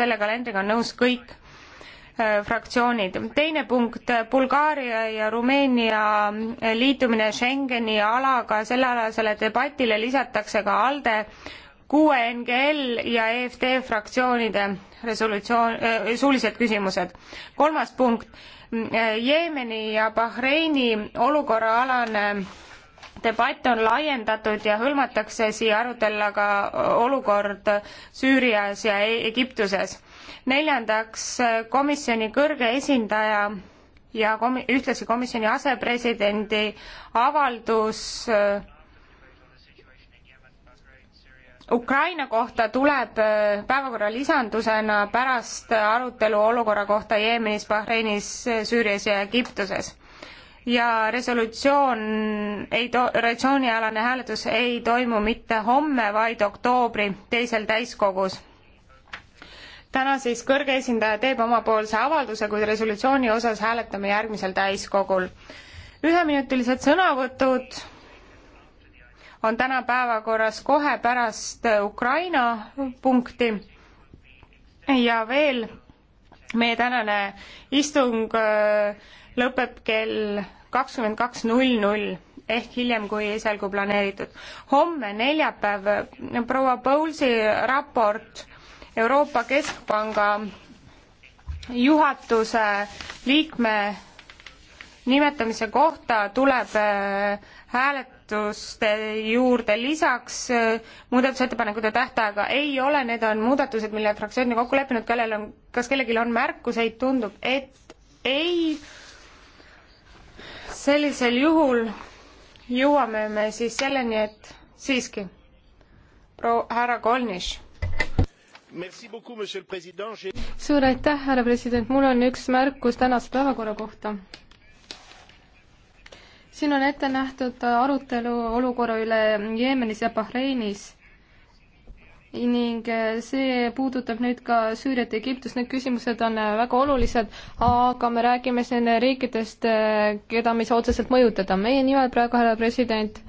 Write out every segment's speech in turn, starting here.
selle kalendriga on nõus kõik äh, fraktsioonid. teine punkt, Bulgaaria ja Rumeenia liitumine Schengeni alaga, sellealasele debatile lisatakse ka ALDE, kuue NGL ja EFD fraktsioonide resolutsioon, äh, suulised küsimused. kolmas punkt, äh, Jeemeni ja Bahreini olukorraalane debatt on laiendatud ja hõlmatakse siia arutella ka olukord Süürias ja e- Egiptuses. neljandaks, komisjoni kõrge esindaja ja komi-, ühtlasi komisjoni asepresidendi avaldus äh, Ukraina kohta tuleb äh, päevakorra lisandusena pärast arutelu olukorra kohta Jeemenis, Bahreinis, Süürias ja Egiptuses ja resolutsioon ei to-, resolutsioonialane hääletus ei toimu mitte homme, vaid oktoobri teisel täiskogus. täna siis kõrge esindaja teeb omapoolse avalduse, kuid resolutsiooni osas hääletame järgmisel täiskogul. üheminutilised sõnavõtud on täna päevakorras kohe pärast Ukraina punkti ja veel meie tänane istung äh, lõpeb kell kakskümmend kaks null null ehk hiljem kui esialgu planeeritud. homme, neljapäev, proua Bowlesi raport Euroopa Keskpanga juhatuse liikme nimetamise kohta tuleb äh, hääletuste juurde lisaks äh, muudatusettepanekute tähtaega ei ole, need on muudatused, mille fraktsioon on kokku leppinud, kellel on, kas kellelgi on märkuseid, tundub, et ei sellisel juhul jõuame me siis selleni, et siiski, proua härra Kolnis suur aitäh, härra president, mul on üks märkus tänase päevakorra kohta. siin on ette nähtud arutelu olukorra üle Jeemenis ja Bahreinis ning äh, see puudutab nüüd ka Süüriat ja Egiptust, need küsimused on äh, väga olulised, aga me räägime siin riikidest, äh, keda me ei saa otseselt mõjutada. meie nimel praegu, härra president,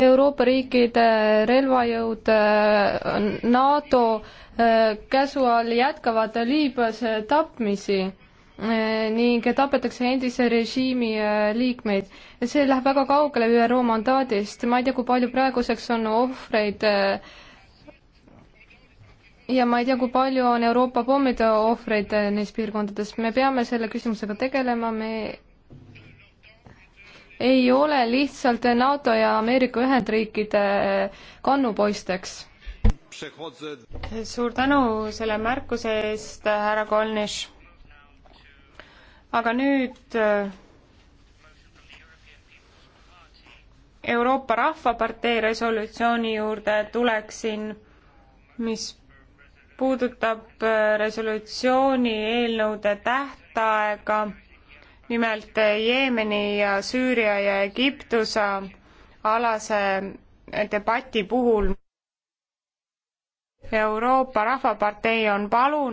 Euroopa riikide relvajõud NATO käsu all jätkavad Liibüas tapmisi ning tapetakse endise režiimi liikmeid. see läheb väga kaugele ÜRO mandaadist, ma ei tea, kui palju praeguseks on ohvreid äh, ja ma ei tea, kui palju on Euroopa pommide ohvreid eh, neis piirkondades, me peame selle küsimusega tegelema, me ei ole lihtsalt NATO ja Ameerika Ühendriikide eh, kannupoisteks. suur tänu selle märkuse eest, eh, härra Kolnis. aga nüüd Euroopa Rahvapartei resolutsiooni juurde tuleksin, mis puudutab äh, resolutsiooni eelnõude tähtaega, nimelt äh, Jeemeni ja Süüria ja Egiptuse alase äh, debati puhul. Euroopa Rahvapartei on palunud